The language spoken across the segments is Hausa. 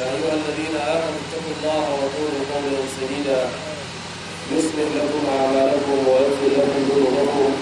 يا أيها الذين آمنوا اتقوا الله وقولوا قولا سديدا يصلح لكم أعمالكم ويغفر لكم ذنوبكم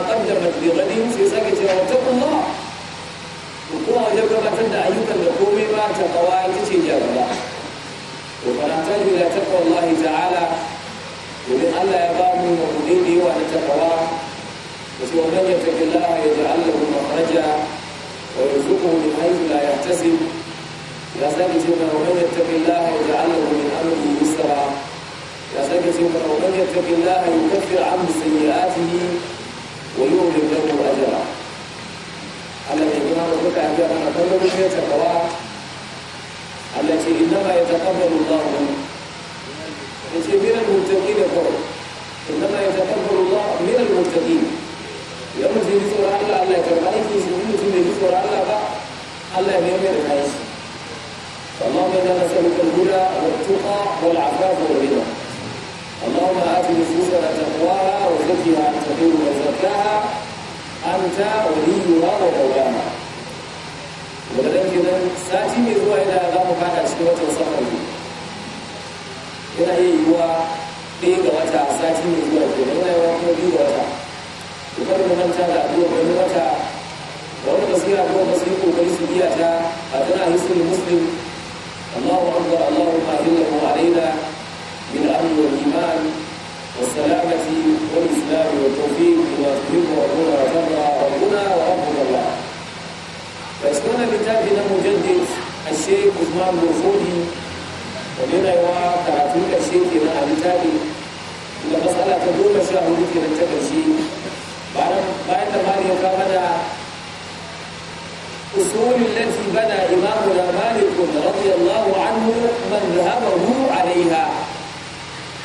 بما قدمت بغدهم في سكت واتقوا الله وكما وجب gabatar da ayyukan da komai ba ta kawa ita ce jaraba to faranta ji da taqwa Allah ta'ala domin Allah ya ba mu mabudi da yawa na taqwa da cewa man yattaqi Allah yaj'al lahu makhraja wa yarzuquhu min haythu la yahtasib ya sake cewa man yattaqi Allah yaj'al lahu min amrihi yusra يا سيدي سيدنا ومن يتق الله يكفر عنه سيئاته ويؤمن له اجرها التي يقول ربك اجرها أقل من يتقوى التي إنما يتقبل الله التي من المتقين قول إنما يتقبل الله من المتقين يوم تجلسوا على الله في يسلمون تجلسوا ذكر الله الله يوم الخير اللهم إنا نسألك الهدى والتقى والعفاف والغنى اللهم آت نفوسنا تقواها وزكها أنت خير من زكاها أنت وليها ومولاها ولدن kenan sati mai zuwa yana za mu fada cikin watan safar ne yana iya yiwuwa ɗaya ga wata sati mai zuwa ke nan yana kuma biyu wata to kada mu manta da addu'a wani wata da wani basira kuma ba yi kokari su iya ta a tana hisul muslim Allahu akbar Allahu ƙarshe imam mufudi wani yana yawa karatu ƙarshe ke na a littafi da matsala ta goma sha hudu ke ta ƙarshe bayan da mali ya kama da أصول التي بنى إمامنا مالك رضي الله عنه من ذهبه عليها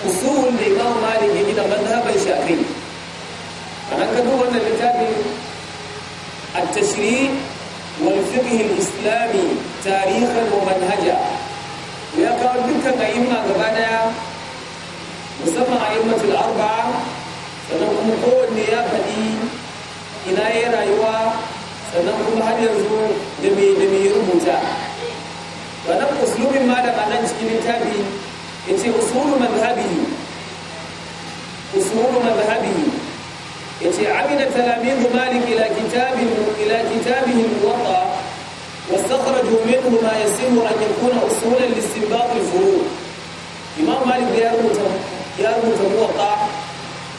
usul da imam malik ya gina mazhaban shafi a nan ka duba wannan littafin at-tashri wal fiqh al-islami tarihan wa manhaja ya kawo dukkan a'imma gaba daya musamman a a'immatul arba'a sannan kuma kowanne ya faɗi ina ya rayuwa sannan kuma har yanzu da mai da mai rubuta wannan uslubin malam anan cikin littafi yace usulu madhhabihi usulu madhhabihi yace amina talamizu malik ila kitabin ila kitabihi واستخرجوا domin ما يسير أن يكون أصولا لاستنباط الفروع إمام مالك يا رمت يا رمت موقع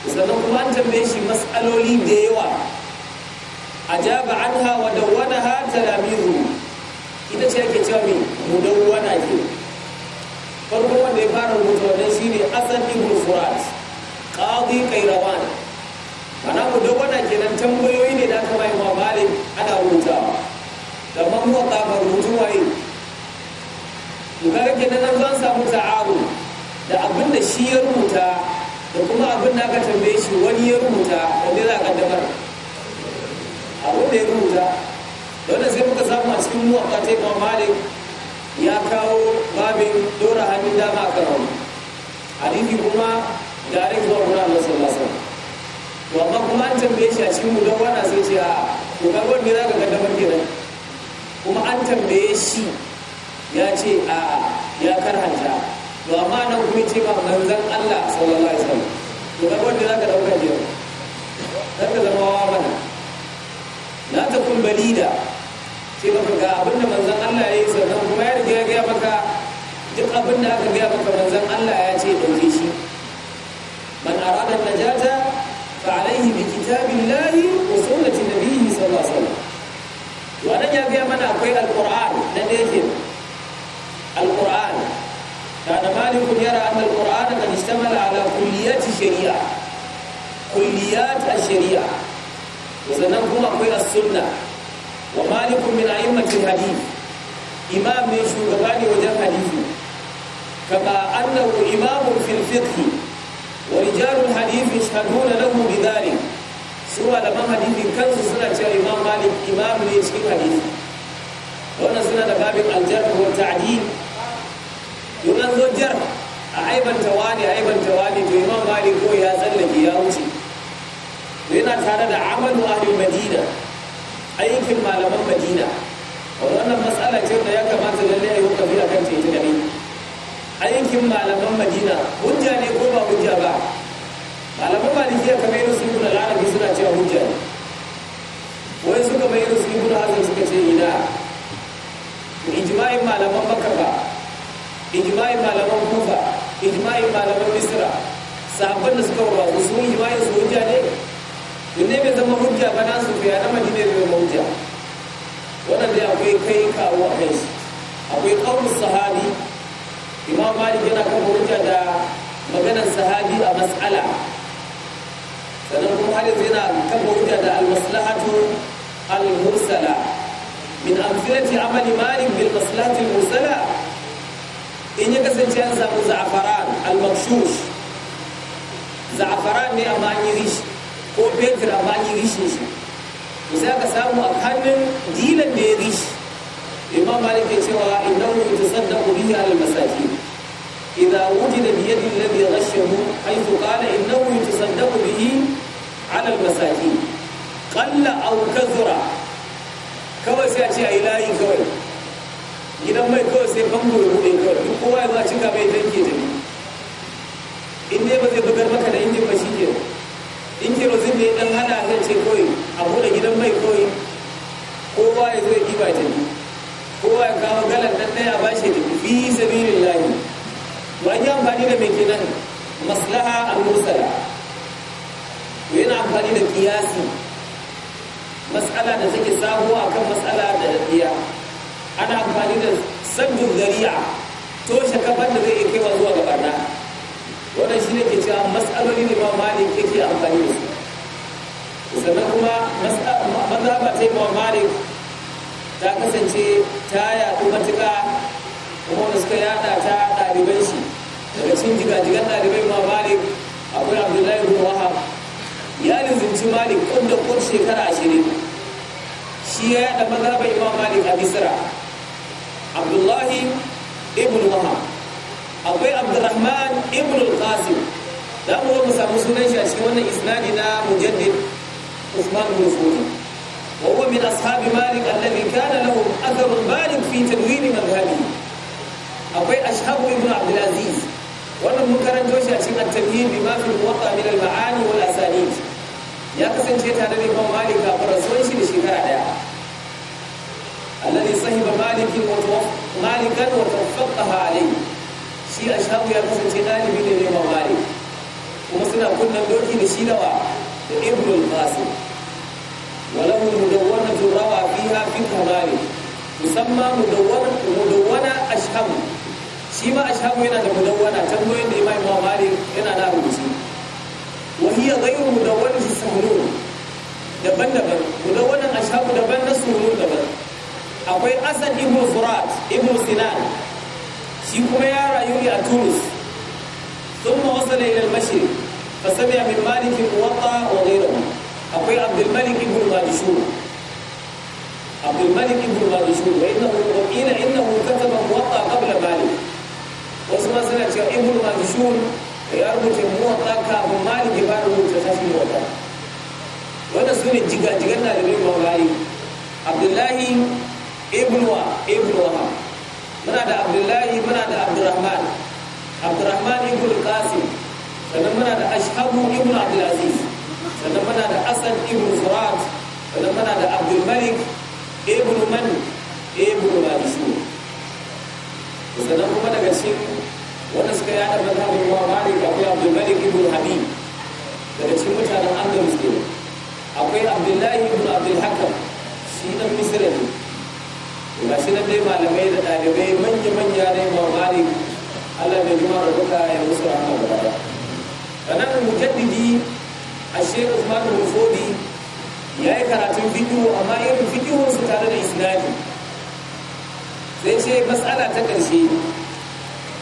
sannan kuma an tambaye shi matsaloli da yawa ajaba anha wa dawwanaha talamizu ita ce ake cewa me mudawwana ke farko wanda ya fara rubuta wannan shine asad ibn furat qadi qairawan ana mudawwana kenan tambayoyi ne da aka mai mamale ana rubutawa da mamuwaka ga rubutu waye to kaga kenan nan zan samu ta'aru da abin da shi ya rubuta da kuma abin da aka tambaye shi wani ya rubuta ne za ka damar abin da ya rubuta wanda sai muka samu a cikin muwaka ta imam malik ya kawo babin dora hannun dama a kan hadisi kuma da rin zuwa wurin Allah sallallahu alaihi wasallam to amma kuma an tambaye shi a cikin wani sai ce a to kaga wanda za ka kaddamar damar kenan kuma an tambaye shi ya ce a ya karhanta to amma nan kuma ce ba manzan Allah sallallahu alaihi wasallam to ga wanda zaka dauka je zaka zama wa bana ta kun balida sai maka ga abinda manzan Allah ya yi sannan kuma ya riga ya ga maka duk abinda aka gaya maka manzan Allah ya ce dauke shi man arada najata fa alaihi bi kitabillahi القرآن mana akwai كان مالك يرى أن القرآن قد اشتمل على كليات الشريعة كليات الشريعة وسننهم أقوي السنة ومالك من أئمة الحديث إمام من شوكباني وجه حديث كما أنه إمام في الفقه ورجال الحديث يشهدون له بذلك سوى لما حديث كنز سنة إمام مالك إمام ليشكي حديث suna da babin aljar ko ta'adi yunan zo a aibanta wani aibanta wani to imam malik ko ya tsallake ya wuce yana tare da amalu ahlul madina aikin malaman madina wannan matsala ce da ya kamata lalle a yi a kan ita gani aikin malaman madina hujja ne ko ba hujja ba malaman malikiya kamar yin sun kuna larabi suna cewa hujja ne wai suka mai himayin malaman kufa himayin malaman misira, sahabban da suka wa su himayin su hujja ne ne bai zama hujja ba na su fiya na madina bai zama hujja wannan dai akwai kai kawo a kai su, akwai ƙaunar sahabi imam malik yana kan hujja da maganar sahabi a matsala. sannan kuma har yanzu yana kan hujja da almaslahatu almursala min amsilati amali malik bil maslahati almursala in ya kasance an samu za'afaran al-makshush za'afaran ne amma an yi rishi ko fetur amma an yi rishin shi to sai samu a hannun dilan da ya rishi imam malik ya cewa innahu yutasaddaqu bihi al-masakin إذا وجد بيد الذي غشه حيث قال إنه يتصدق به على المساكين قل أو كثر كما سيأتي إلهي kawai. gidan mai kawai sai famfo ya buɗe kawai duk kowa ya za cika ya tanki da ni in dai ba zai bugar maka da injin ba shi ke in kerozin da ya dan hana kan ce kawai a buɗe gidan mai kawai kowa ya zai ya ɗiba ta ni kowa ya kawo galan ɗan ɗaya ba shi da fi sabirin layi ba an yi amfani da mai kenan maslaha a musala yana amfani da kiyasi mas'ala da take sabuwa akan mas'ala amfani da sabbin dariya toshe kafar da zai iya kai zuwa ga barna wannan shi ne ke cewa matsaloli ne ma malik yake amfani da su sannan kuma mazaba ta yi ma malik ta kasance ta yaɗu matuƙa kuma wanda suka yaɗa ta ɗaliban shi daga cikin jigajigan ɗalibai ma malik akwai abdullahi bin wahab ya lizinci malik kun da kun shekara ashirin shi ya yaɗa mazaba imam malik a misira abdullahi ibn wahab akwai abdurrahman ibn al-qasim da mu mu samu sunan shi a cikin wannan isnadi na mujaddid usman bin fudi wa huwa min ashab malik alladhi kana lahu athar malik fi tadwin madhhabi akwai ashab ibn abdul aziz wannan mun karanto shi a cikin at-tamhid bima fi al-muwatta min al-ma'ani wal asanid ya kasance tare da imam malik مالك مالكا وتوفقها عليه shi a ya kasance ɗalibi ne mai mamari kuma suna kunnen doki da shi nawa da ibnul qasim walahu mudawwana turawa fiha fi kamari musamma mudawwana mudawwana ashhabu shi ma ashhabu yana da mudawwana tambayoyin da imam mamari yana da rubuci wa hiya ghayru mudawwana fi daban-daban mudawwanan ashhabu daban na suhunun daban akwai asan ibn furat ibn sinan shi kuma ya rayu ne a tunis sun wasu ثم وصل الى المشرق فسمع من مالك الموطا وغيره akwai abdul malik ibn qadishur abdul malik ibn qadishur wa innahu qila innahu kataba muwatta qabla malik wasu ma suna cewa ibn qadishur ya rubuta muwatta kafin malik ya fara rubuta tashi muwatta ne sune jigajigan na da bai mawlai abdullahi ibnuwa ibnuwa muna da abdullahi muna da abdurrahman abdurrahman ibn qasim sannan muna da ashabu ibn abdulaziz sannan muna da asad ibn furat sannan muna da abdul malik ibn man ibn malisu sannan kuma daga cikin wanda suka yada mazhabin wa da kuma abdul malik ibn habib daga cikin mutanen andalus ke akwai abdullahi ibn abdul hakam shi dan misra ne gashi na dai malamai da ɗalibai manya-manya ne mamari Allah ya jima da duka ya musu rahama gaba da sanan mujaddidi a shehu Usman Rufodi ya yi karatun bidiyo amma irin bidiyo su tare da isnadi sai ce matsala ta ƙarshe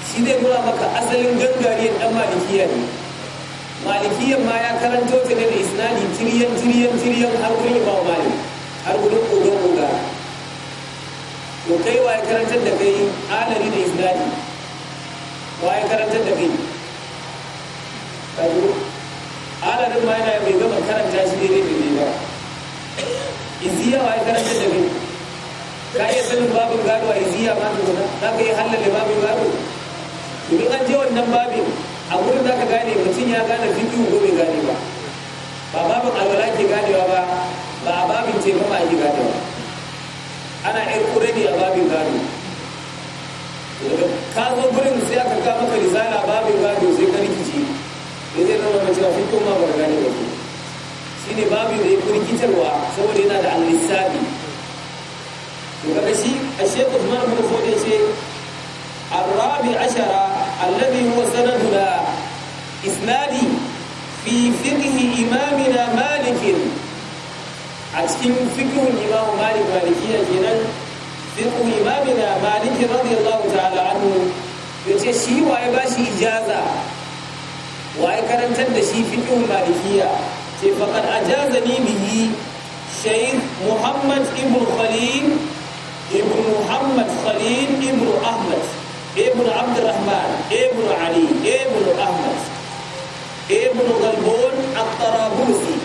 shi zai nuna maka asalin gangariyar ɗan malikiya ne malikiyan ma ya karanto ta ne da isnadi tiriyan tiriyan tiriyan har gurin ba malik har gurin kogon kogon to kai waye karantar da kai alari da isnadi waye karantar da kai kaji ma yana mai gama karanta shi ne da ne ba iziya waye karantar da kai ka iya sanin babin gado a iziya ma ka guda za ka yi hallale babin gado domin an je wannan babin a wurin za ka gane mutum ya gane fikihu ko bai cikin fikihun imamu malik malikiya kenan fiqhu imamina malik radiyallahu ta'ala anhu yace shi waye ba shi ijaza waye karantar da shi fiqhun malikiya ce faqad ajazani bihi shaykh muhammad ibn khalil ibn muhammad khalil ibn ahmad ibn abd الرحمن ibn ali ibn ahmad ibn غلبون الطرابلسي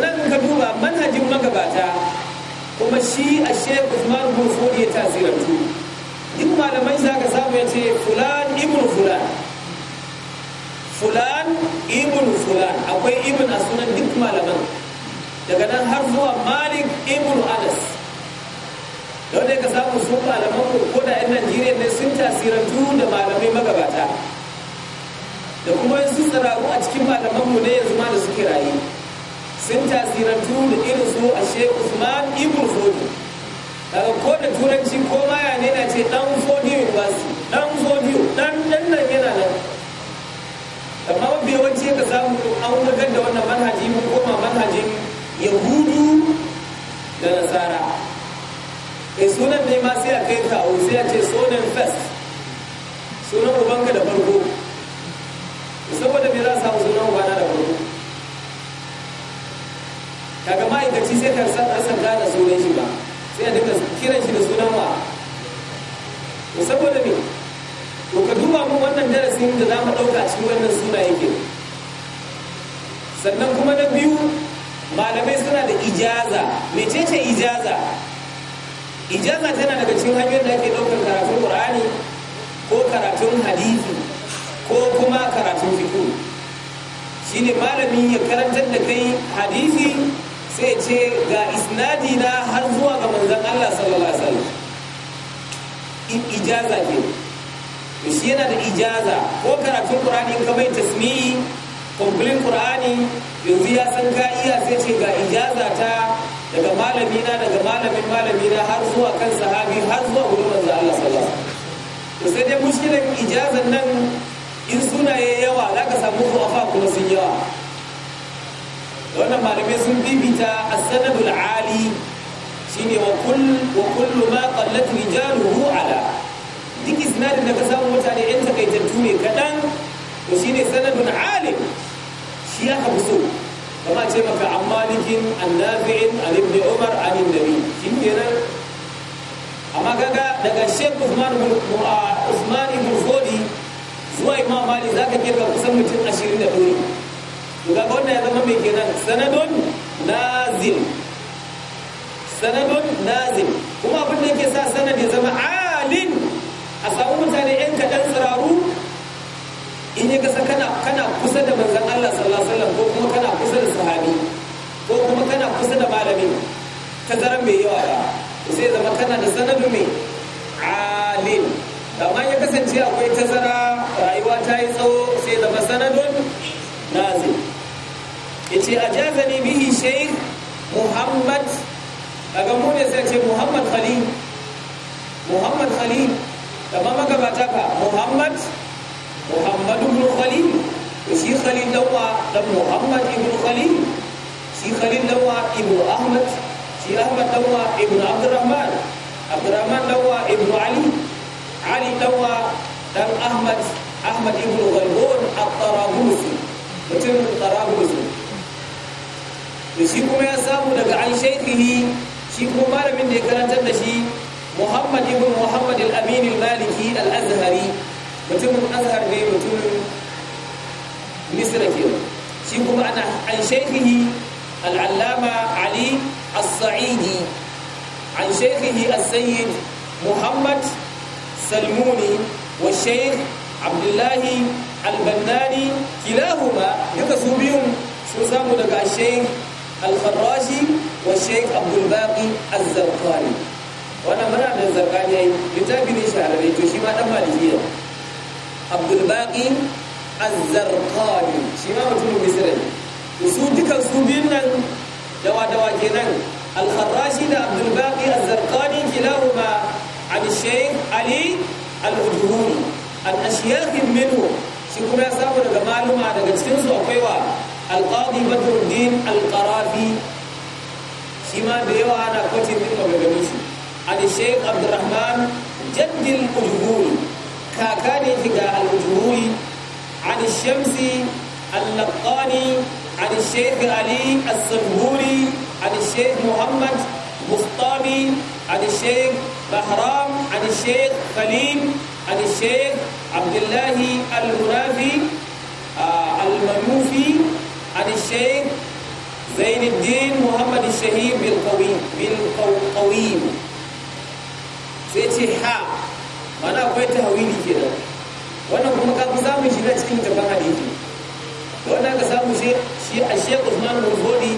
daga nan ka duba manhajin magabata kuma shi a shek usman bin ya tasirantu duk malamai za ka samu ya ce fulan ibn fulan fulan ibn fulan akwai ibn a sunan duk malaman daga nan har zuwa malik ibn anas da wadda ka samu su malaman ko da yan najeriya ne sun tasirantu da malamai magabata da kuma yanzu tsararru a cikin malamanmu ne yanzu ma da suke rayu sun tasirantu da irin su a shehu usman ibn fodi daga ko da turanci ko maya ne na ce dan fodi university dan fodi dan dan nan yana nan amma mafi yawanci ka samu an wutar da wannan manhaji mun koma manhajin yahudu da nasara kai e, sunan ne ma sai a kai kawo sai a ce sonan fest sunan ubanka da farko saboda me za a samu sunan ubana da farko kaga ma'aikaci sai ka san sanda da sunan shi ba sai a duka kiran shi da sunan wa to saboda me to ka duba mu wannan darasin da za mu ɗauka cikin wannan suna yake sannan kuma na biyu malamai suna da ijaza mecece ijaza ijaza tana daga cikin hanyoyin da ake ɗaukar karatun ƙur'ani ko karatun hadisi ko kuma karatun fiqh shine malami ya karantar da kai hadisi sai ce ga isnadi na har zuwa ga manzan Allah sallallahu alaihi wasallam in ijaza ke to shi yana da ijaza ko karatun qur'ani in ka mai tasmi'i complete qur'ani yanzu ya san ka iya sai ce ga ijaza ta daga malami na daga malamin malami na har zuwa kan sahabi har zuwa gurin manzan Allah sallallahu alaihi wasallam to sai dai mushkilan ijazan nan in sunaye yawa ka samu zuwa kuma sun yawa wannan malamai sun bibita a sanadul ali shine ne wa kullu ma rijalu hu ala duk isnadin da ka samu mutane yan takaitattu ne kadan to shine sanadun ali shi ya ka so kama ce maka an malikin an nafi'in an ibn umar an nabi shi nan amma kaga daga shek usman usman ibn fodi zuwa imam za zaka kirka kusan mutum ashirin da ɗori. ga ya zama mai kenan sanadun nazim sanadun nazim kuma abin da yake sa sanad ya zama alin a samu mutane yan kaɗan tsiraru in ya gasa kana kana daga mu ne sai ce muhammad khalil muhammad khalil kamar magabata ka muhammad muhammad ibn khalil shi khalil dawa da muhammad ibn khalil shi khalil dawa ibn ahmad shi ahmad dawa ibn abdurrahman abdurrahman dawa ibn ali ali dawa dan ahmad ahmad ibn ghalbun at-tarabusi mutum tarabusi shi kuma ya samu daga an shaykhihi shi ko malamin da ya karantar da shi muhammad ibn muhammad al-amin al-maliki al-azhari mutumin azhar ne mutumin misra kenan shi kuma ana an shaykhihi al-allama ali as-sa'idi an shaykhihi as-sayyid muhammad salmuni wa shaykh abdullahi al-bannani kilahuma duka su biyun sun samu daga shaykh al-farashi Sheikh Abdul Baqi Az-Zarqani wannan muna da Zarqani littafi ne shahararre to shi ma dan malikiya Abdul Baqi Az-Zarqani shi ma mutumin Misra ne su dukan su biyun nan dawa dawa kenan Al-Kharashi da Abdul Baqi Az-Zarqani kilahuma an Sheikh Ali Al-Udhuri an ashiyakhin minhu shi kuma ya samu daga maluma daga cikin su akwai wa Al-Qadi Badruddin Al-Qarafi shi ma da yawa ana kwacin din maganganun shi ali sheikh abdurrahman jaddil ujhuri kaka ne ki ga al-ujhuri ali shamsi al-laqani ali sheikh ali as-sabhuri ali sheikh muhammad مفطامي عن الشيخ بهرام عن الشيخ خليل عن الشيخ عبد الله المنافي المنوفي عن الشيخ زين bin محمد الشهيد بالقويم بالقويم سيتي ها mana akwai tahawili kenan wannan kuma samun shi shiga cikin gaban hadisi wannan ka samu shi shi a Sheikh Usman Bukhari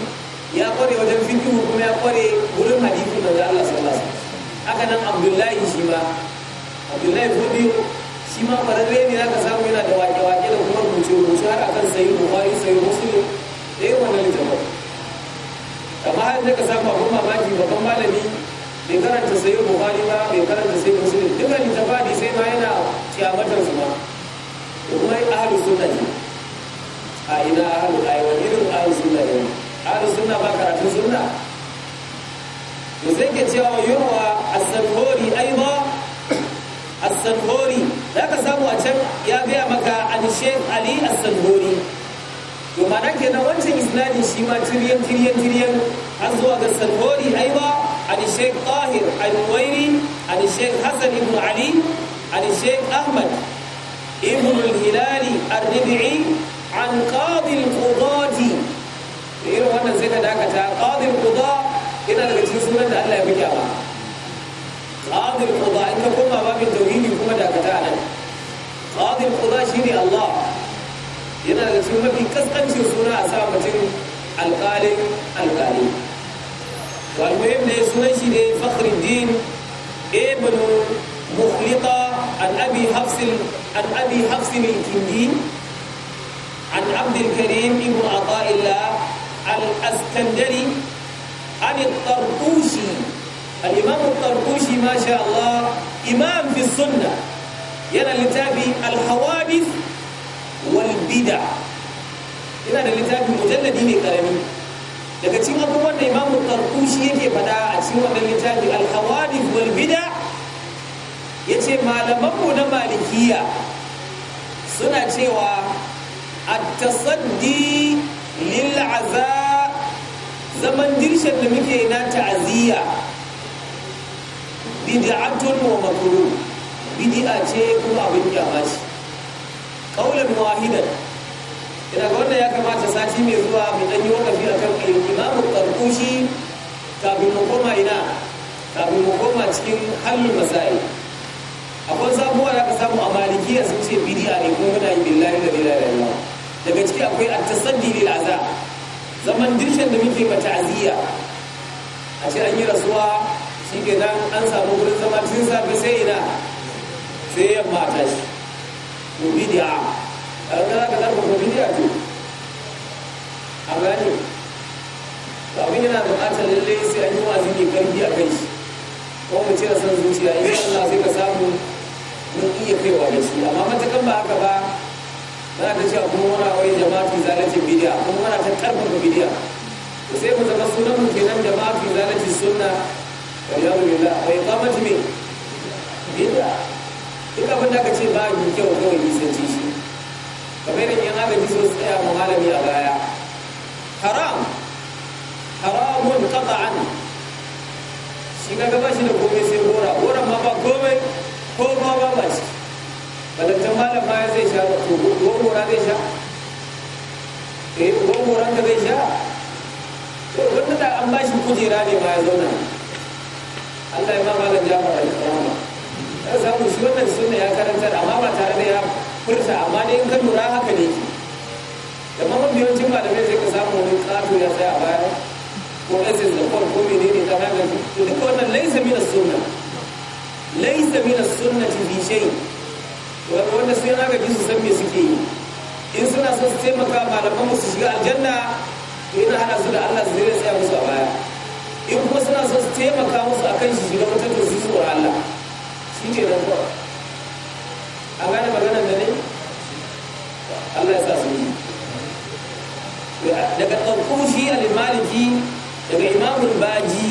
ya kware wajen fikihu kuma ya kware wurin hadisi da Allah sallallahu alaihi wasallam haka nan Abdullahi shi ma Abdullahi Bukhari shi ma kwararre ne zaka samu yana da wake-wake da kuma rubuce-rubuce har akan sayi Bukhari sayi Muslim dai wannan littafin har da ka samu abin mamaki babban malami bai karanta yi buhari ba bai karanta sayo musulun ta fadi sai ma yana kiyamatar su ma kuma ahalu suna ne a ina a yi wani irin ahalu suna ne ahalu suna ba karatun suna to sai ke cewa yurwa as ai ba as za ka samu a can ya gaya maka alishe ali as to mana kenan wancan isnadin shi ma tiriyan tiriyan tiriyan har zuwa ga sarhori aiba an sheikh tahir al-wairi an sheikh hasan ibn ali an sheikh ahmad ibn al-hilali ar-rib'i an qadi al-qudati irin wannan sai ka dakata qadi al-quda ina daga cikin sunan da Allah ya buga ba qadi al-quda in ka koma babin tauhidi kuma dakata nan qadi al-quda shine Allah yana da cikin mafi kaskancin suna a sa mutum alƙalin alƙali walmuhim ne sunan shi ne fakhruddin ibn mukhliqa an abi hafs an abi hafs al-kindi an abdul karim ibn ata'illah al-askandari an tarqushi al-imam tarqushi tartushi ma sha Allah imam fi sunnah yana littafi al-hawadith walbida bid'a ina da littafin mujalladi ne karami daga cikin abubuwan da imamu tarkushi yake fada a cikin wannan littafi al Walbida wal bid'a yace malamanmu na malikiya suna cewa at-tasaddi lil aza zaman dirshen da muke na ta'aziyya bid'atun wa makruh bid'a ce kuma abin kyamashi kaulin wahidan ina ga wannan ya kamata sati mai zuwa mu dan yi wakafi akan imamu karkushi kafin mu koma ina kafin mu koma cikin halin masayi akwai sabuwa da ka samu a malikiya sun ce bidi'a ne kuma muna yi billahi da billahi da daga ciki akwai at-tasaddi lil aza zaman dirshen da muke mata aziya a ce an yi rasuwa shi ke nan an samu wurin zama tun safe sai ina sai yamma tashi bid'a an ga ka zarfa ko bid'a ce a gane to abin yana buƙatar lalle sai an yi wa'azi mai karfi a kai shi ko mu cire son zuciya in Allah sai ka samu mun iya kaiwa da shi amma matakan ba haka ba za ka cewa kuma muna wai jama'atu zalatin bid'a kuma muna ta karfafa bid'a sai mu zama sunan mu kenan jama'atu zalatin sunna wa yawmillah wa iqamati min duk abin da aka ce ba mai kyau kawai nisanci shi kamar yadda yan aka ji su tsaya mu malami a baya haram haramun qata'an shi ka gaba shi da komai sai gora gora ma ba komai ko ma ba ba shi balantan malam ma zai sha ba to gora zai sha eh gora ka zai sha to wanda da an ba shi kujera ne ma ya zauna Allah ya ma malam jama'a da rahama ka samu sunna ya karantar amma ba tare da ya furta amma dai in ka lura haka ne da mamman biyancin malamai zai ka samu wani ƙato ya tsaya a baya ko aziz da kwan ko ne ta haka to duka wannan laisa mina sunna laisa mina sunna ti bi shay wanda sai na gaji su san me suke yi in suna son su taimaka malaman mu su shiga aljanna to yana hana su da Allah su zai tsaya musu a baya in kuma suna son su taimaka musu akan shi shiga wutar to su tsoron Allah shi ne rantsuwa an gane maganar da ne Allah ya sa su yi daga ɗaukushi al-maliki daga imamul baji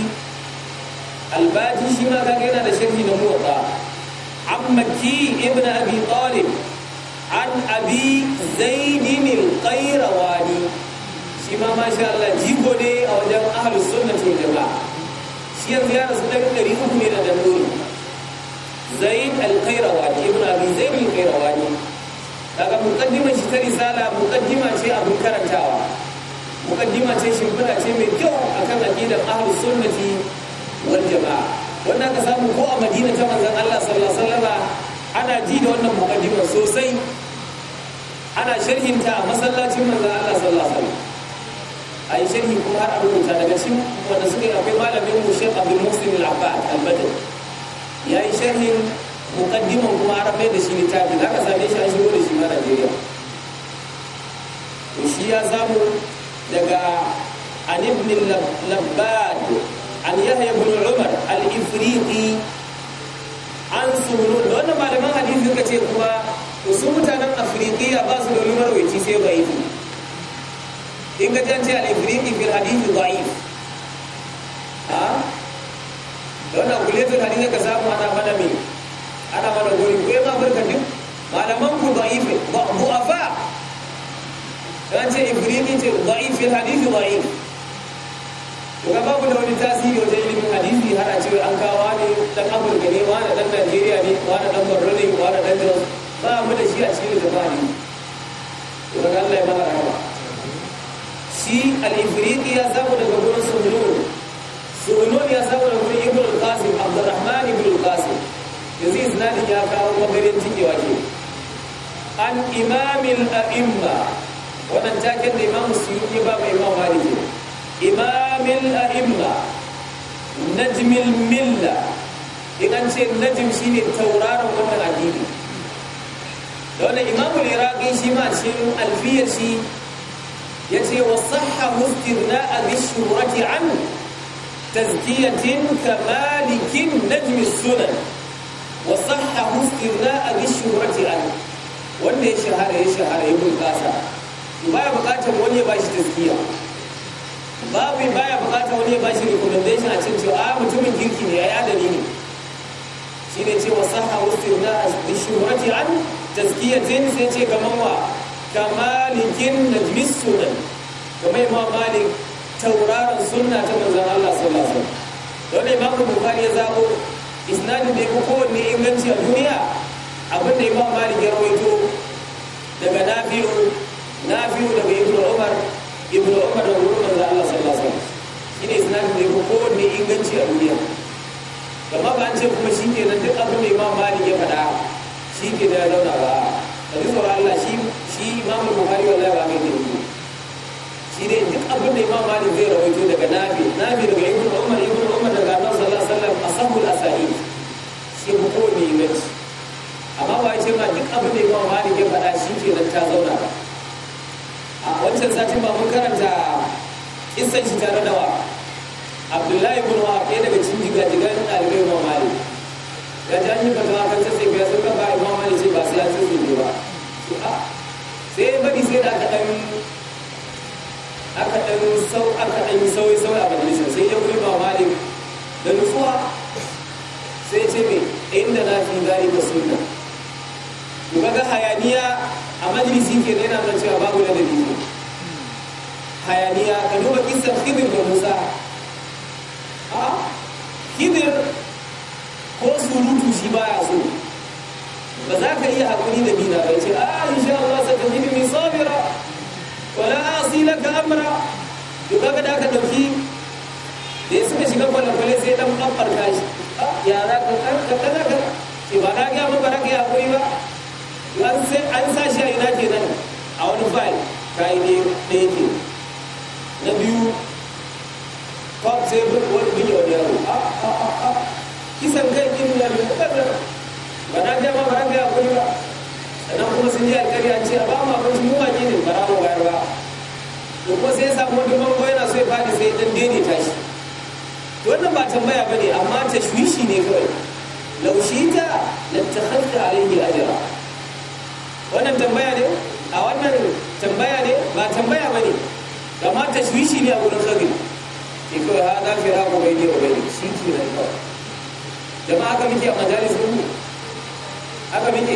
al-baji shi ma kaga yana da sharhi na muwatta ammaki ibn abi talib an abi zaidin al-qayrawani shi ma masha Allah jigo ne a wajen ahlus sunnah wal jamaa shi yanzu ya rasu daga 300 ne da dandori zaid al-qayrawani ibn abi zaid al-qayrawani daga muqaddimar shi ta risala muqaddima ce abu karantawa muqaddima ce shimfira ce mai kyau akan aqidar ahlus sunnati wal jamaa wannan ka samu ko a madina ta manzon Allah sallallahu alaihi wasallama ana ji da wannan muqaddima sosai ana sharhinta a masallacin manzon Allah sallallahu alaihi wasallam a yi sharhi kuma har a ta daga cikin wanda suka yi akwai malamin mu Sheikh Abdul Muhsin Al-Abbad Al-Badr ya yi sharhin mukaddiman kuma arabe da shi littafi za ka same shi an shigo da shi ma najeriya to shi ya samu daga an labbad an yahya ibn umar al-ifriqi an suhulun da wannan malaman hadisi suka ce kuma su mutanen afirikiya ba su da wani marwaci sai yi. in ka jance al-ifriqi fil hadisi da'if abu wannan kuletun hadisi ka samu ana mana mai ana mana gori ko ma farka duk malaman ku a du'afa dan ce ibrini ce ife al ba ife ko ga babu da wani tasiri wajen ilimin hadisi har a ce an kawo ne dan Afirka ne wani dan Najeriya ne wani dan Borno ne wani dan Jos ba mu da shi a cikin jama'a to ga Allah ya mana rahama shi al-ibrimi ya zama daga gurin sunnun sunnun ya zama daga gurin abdurrahman ibn qasim yanzu isnadin ya kawo magarin cikewa ke an imamil a'imma wannan taken da imamu suyuti ba mai imam maliki imamil a'imma najmil milla in an ce najm shine tauraron wannan addini da wannan imamul iraqi shi ma cikin alfiyar shi ce wa sahha mustirna bi shurati anhu تزكية كمالك نجم السنن وصحه استغناء بالشهرة عنه wanda ya shahara ya shahara ya bunƙasa baya buƙatar wani ya bashi taskiya babu baya buƙatar wani ya bashi recommendation a cikin cewa a mutumin kirki ne ya adali ne shi ne cewa saha wasu na shurati an taskiya ce sai ce kamar wa kamalikin najmis sunan kamar imam malik tauraron sunna ta manzan Allah sallallahu alaihi wasallam dole imamu bukhari ya zabo isnadin da yafi kowanne inganci a duniya abin da imam malik ya rawaito daga nafi'u nafi'u daga ibn umar ibn umar da wurin manzan Allah sallallahu alaihi wasallam ina isnadin da yafi kowanne inganci a duniya kamar ba an ce kuma shi ke nan duk abin da imam malik ya faɗa shi ke da ya zauna ba a ji tsoron Allah shi imam bukhari wallahi malik zai rawaito daga nabi nabi da an sa shi a ina kenan a wani file ka yi ɗaya ke na biyu kwam sai wani bin wani yaro a a a a kisan kai kin ya bi mukarrar ba na dama ba ga akwai ba sannan kuma sun yi alkari an ce a ba mu abinci mu ba ne ba mu bayar ba to kuma sai ya samu wani bango yana so ya fadi sai dan daidaita shi wannan ba tambaya ba ne amma ta tashwishi ne kawai laushita lantakhadda alaihi ajra wannan tambaya ne a wannan tambaya ne ba tambaya ba ne amma tashwishi ne a wurin sagari ke kawai ha za fi rago bai ne wa bai shi ke nan kawai Jama aka muke a majalisun mu aka muke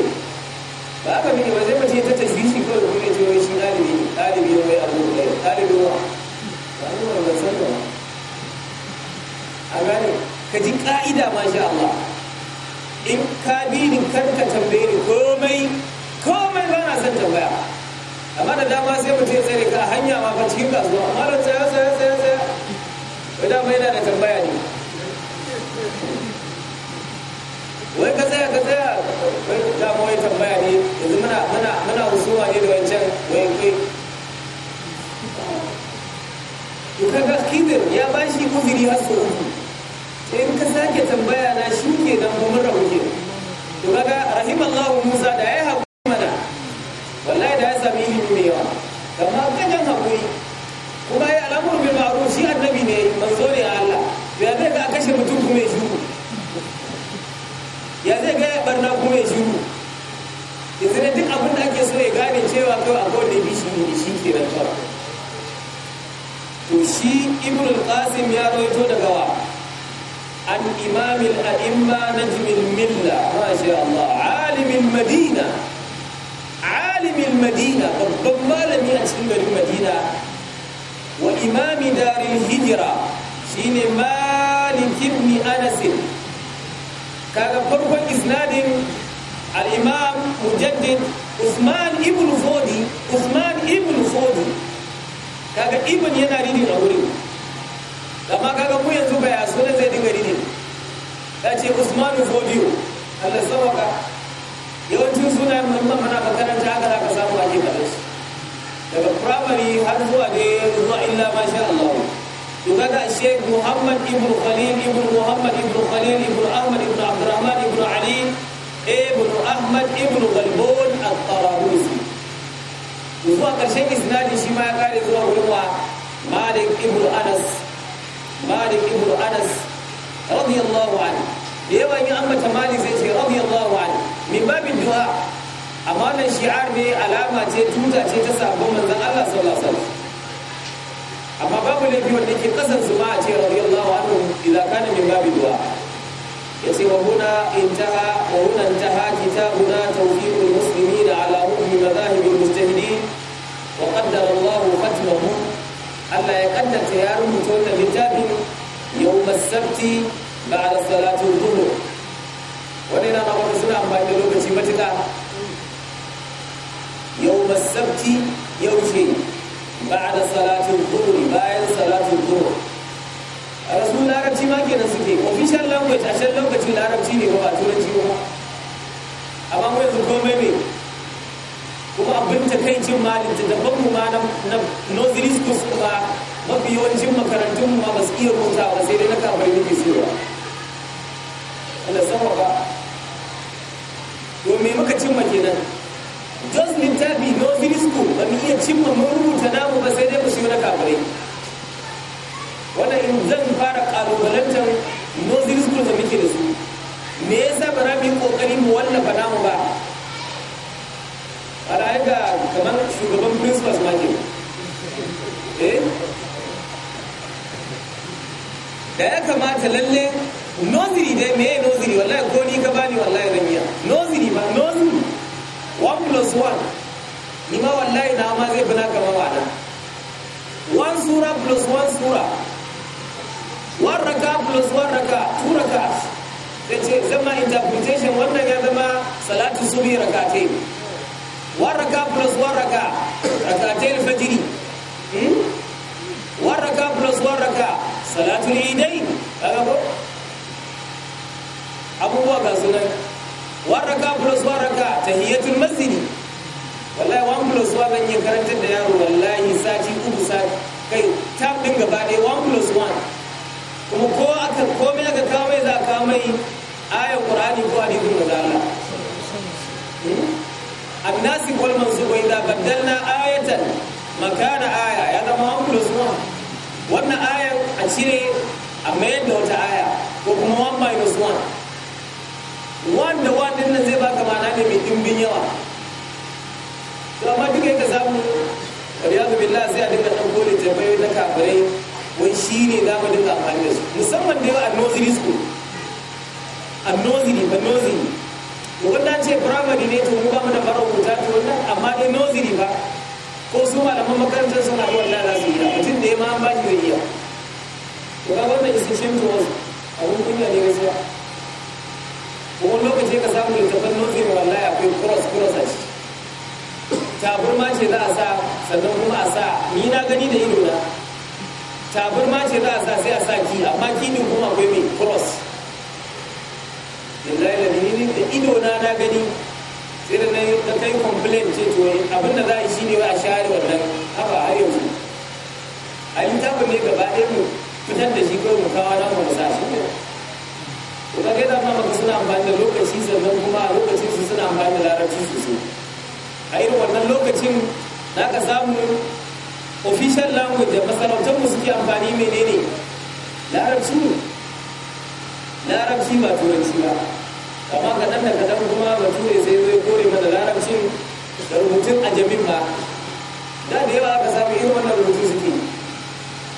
ba aka muke ba zai mace ta tashwishi kawai kuma ce wai shi ɗalibi ɗalibi wai abu ɗaya ɗalibi wa ba ni wani ban san da ba a gane ka ji ƙa'ida ma sha Allah in ka bi ni kar ka tambaye ni komai son tambaya amma da dama sai mutum ya tsere ka a hanya ma fa cikin kasuwa amma da tsaya tsaya tsaya tsaya wai da yana da tambaya ne wai ka tsaya ka tsaya wai dama wai tambaya ne yanzu muna muna muna husuma ne da wancan wai ke to kaga kidir ya bashi kuziri har so in ka sake tambaya na shi ke nan mun rabu ke to kaga rahimallahu musa da ya cewa to abu da bi shi ne shi ke rantarwa to shi ibn qasim ya rawaito daga wa an imam al-a'imma najm al-milla ma sha Allah alim al-madina alim al-madina babban malami a cikin garin madina wa imam dar al-hijra sine malik ibn anas kaga farkon isnadin al-imam mujaddid Uthman ibn Fodi Uthman ibn Fodi kaga ibn yana ridin a wurin amma kaga mu yanzu bai a sunan zai dinga ridin ta ce Uthman Fodiyo Allah sabaka yawancin sunayen musamman mana makaranta haka za ka samu ake faɗa su daga primary har zuwa ne zuwa illa masha Allah to kaga Sheikh Muhammad ibn Khalil ibn Muhammad ibn Khalil ibn Ahmad ibn Abdurrahman ibn ahmad ibn galbon al-tarabuzi zuwa karshen isnadin shi ma ya kare zuwa wurin wa malik ibn anas malik ibn anas radiyallahu anhu da yawa in an bata zai ce radiyallahu anhu min babin du'a amma nan shi'ar ne alama ce tuta ce ta sabon manzon Allah sallallahu alaihi wasallam amma babu laifi wanda yake kasan su ma a ce radiyallahu anhu idan kana min babin du'a yace wa huna intaha wa huna intaha kitabuna tawfiqul muslimin ala hubbi madahib al-mujtahidin wa qaddara Allah fatmahu Allah ya kaddarta ya rubuta wannan littafin yawm as-sabti ba'da salati al-dhuhr wannan na magana suna amfani da lokaci matuka yawm as-sabti yawshi ba'da salati al-dhuhr bayan salati al-dhuhr a rasu larabci ma kenan suke official language a can lokaci larabci ne ba turanci ba amma mu yanzu komai ne kuma abin jin ma ta mu ma na nursery schools ba mafi yawancin makarantun mu ma ba su iya ba sai dai na kafin nufi siyowa Allah sama ba to me muka cimma kenan just littafi nursery school ba mu iya cimma mun rubuta namu ba sai dai mu siyo na kafirai wannan in zan fara kalubalantar nozir school da muke da su me yasa ba za mu kokari mu wallafa namu ba ala ga kamar shugaban principals ma ke eh da ya kamata lalle noziri dai me noziri wallahi ko ni ka bani wallahi zan yi ba noziri one plus one ni ma wallahi na ma zai fi na kama na. nan one sura plus one sura one raka plus one raka two raka da ce zama interpretation wannan ya zama salatu subi rakatai one raka plus one raka rakatai alfajiri hmm? one raka plus one raka salatu lidai agabo abubuwa ga sunan one raka plus one raka tahiyatul masjidi wallahi one plus one zan yi karantar da yaro wallahi sati uku sati kai tam din gaba ɗaya one plus one annasi wal mansubu idza badalna ayatan makana aya ya zama one plus wannan aya a cire a mayar da wata aya ko kuma wan minus da one wanda wanda nan zai baka ma'ana ne mai dimbin yawa to amma duka yake samu riyadu billah sai a dinga dan da tambayoyi na kafirai wai shi ne za mu dinga amfani da su musamman da yawa a nursery school a nursery ba nursery wanda ce firamare ne to mu ba mu da marubuta to wanda amma dai nursery ba ko su malaman makarantar suna yi wannan za su yi mutum da ya ma ba shi zai iya to ga wannan isa shi to wasu abun kunya ne gaskiya ko wani lokaci ka samu littafin nursery wallahi akwai cross cross a ciki taburma ce za a sa sannan kuma a sa ni na gani da ido na taburma ce za a sa sai a sa ki amma kinin kuma akwai mai cross billahi lamini da ido na na gani sai da nan da kai complain ce to abin da za a yi ne a share wannan haka har yanzu a littafin ne gaba ɗaya mu fitar da shi kawai mu kawo na mu sa shi to ka ga dama maka suna amfani da lokaci sannan kuma a lokacin su suna amfani da larabci sosai a irin wannan lokacin za ka samu official language da masarautar mu suke amfani menene larabci ne larabci ba turanci ba amma kaɗan da kaɗan kuma bature sai zai kore mana larabcin da rubutun ajamin ba da da yawa aka samu irin wannan rubutu suke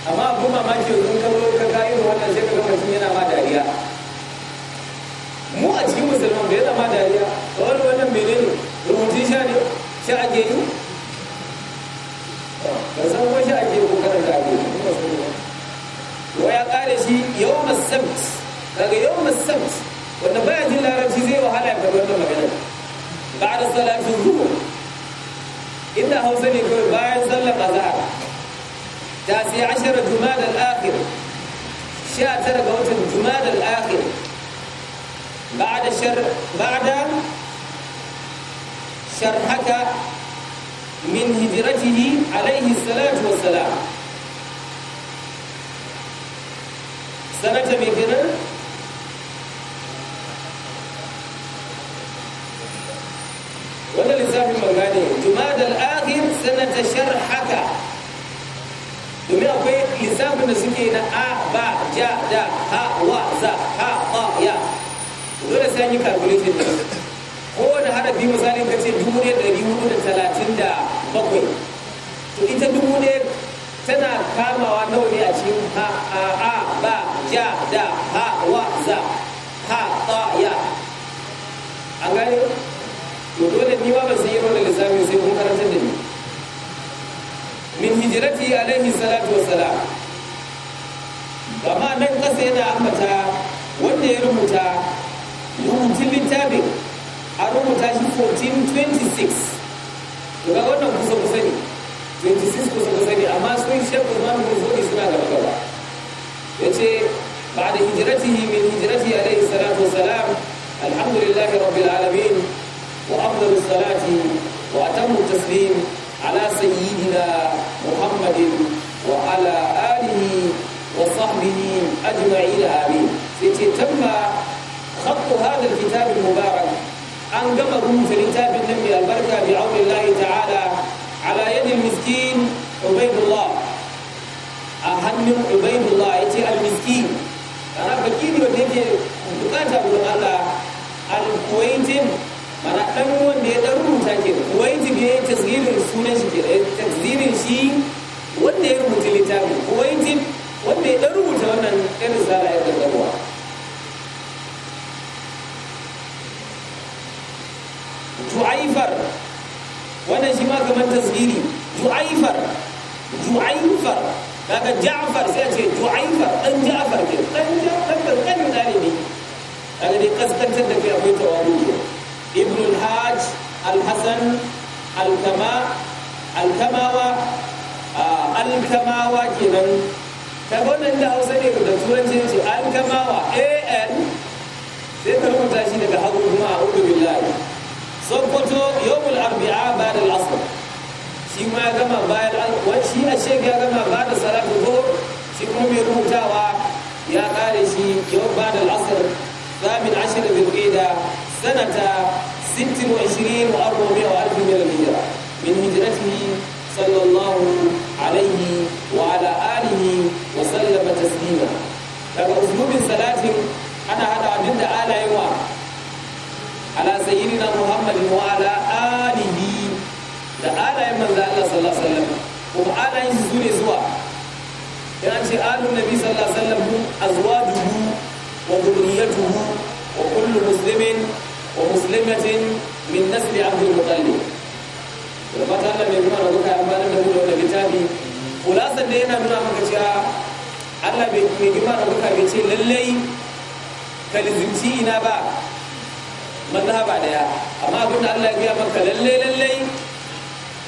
amma abin mamaki yanzu ka zo ka kayi wannan sai ka ga mutum yana ma dariya mu a cikin musulman bai zama dariya wani wannan menene rubutun sha ne sha ake yi ba san ko sha ake yi ko karanta ake yi waya kare shi yau masabt daga yau as-sabt wanda baya jin larabci zai wahala ya faɗi wannan magana da salatu zuhur inda hausa ne kawai bayan sallar azhar ta sai ashara jumada al-akhir sha tara ga watan jumada al-akhir ba'da shar ba'da sharhaka min hijratihi alaihi salatu wassalam sanata mai kenan ta sharhaka domin akwai lissafin da suke na a ba ja da ha wa za ha ba ya dole sai an yi calculation da kowane harafi misali ka ce dubu ɗaya ɗari hudu da talatin da bakwai to ita dubu ne tana kamawa nawa ne a cikin ha a a ba ja da ha wa za ha ta ya an gane to dole ni ma ban san irin lissafin lissafi sai kun karanta min hijirati alaihi salatu wassalam gama nan kasa yana ambata wanda ya rubuta rubutun littafin a rubuta shi 1426 daga wannan kusa kusa ne 26 kusa kusa ne amma sun shekul ma mun zo suna gaba gaba ya ce ba da hijiratihi min hijirati alaihi salatu salam alhamdulillahi rabbil alamin wa afdalus salati wa atammu taslim تم خط هذا الكتاب المبارك أن قبضوا في كتاب النبي البركة بعون الله تعالى على يد المسكين عبيد الله أهنم عبيد الله يتي المسكين أنا بكيني وديك بكاتا بلو الله الكويتين mana ɗan wanda ya dan rubuta ke kuwaiti ne ya tasgirin sunan shi ke shi wanda ya rubuta littafin kuwaiti wanda ya dan rubuta wannan irin zara ya kaddawa ju'aifar wannan shi ma kamar tasgiri ju'aifar ju'aifar daga ja'far sai ce ju'aifar dan ja'far ke dan ja'far dan kan dare daga dai kaskantar da kai akwai tawaru ibn al-hajj al-hasan al-kama al-kamawa al-kamawa kenan ta wannan da Hausa ne da turanci ce al-kamawa an sai ta rubuta shi daga hagu kuma a a'udhu billahi سنة ست وعشرين وأربعمائة وألف من الهجرة من هجرته صلى الله عليه وعلى آله وسلم تسليما daga uslubin salatin ana hada abin da ala yawa ala sayyidina muhammadin wa da alayen manzo Allah sallallahu alaihi wasallam kuma alayen su ne zuwa yana ce alun nabi sallallahu alaihi wasallam azwajuhu wa dhurriyyatuhu wa kullu muslimin ومسلمة من نسل عبد المطلب rabata Allah mai ruwa da kuka amfanar da mu da wannan littafi kulasan da yana nuna maka cewa Allah bai mai girma da bai ce lallai ka ina ba mazhaba daya amma abin da Allah ya gaya maka lallai lallai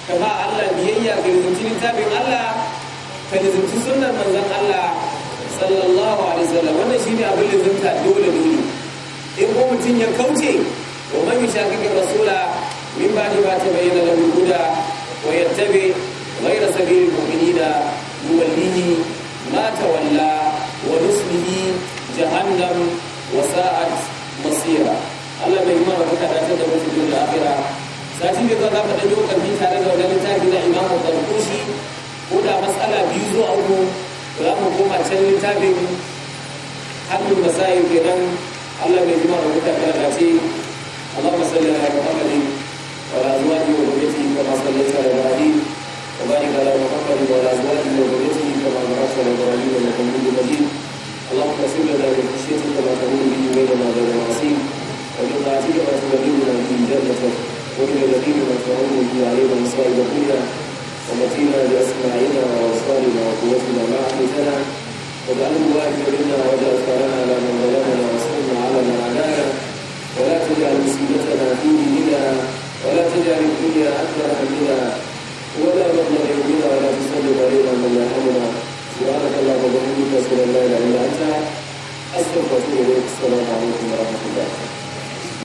ka ba Allah biyayya ka lizinci littafin Allah ka lizinci sunnar manzon Allah sallallahu alaihi wasallam wannan shine dole in ko mutum ya kauce wa man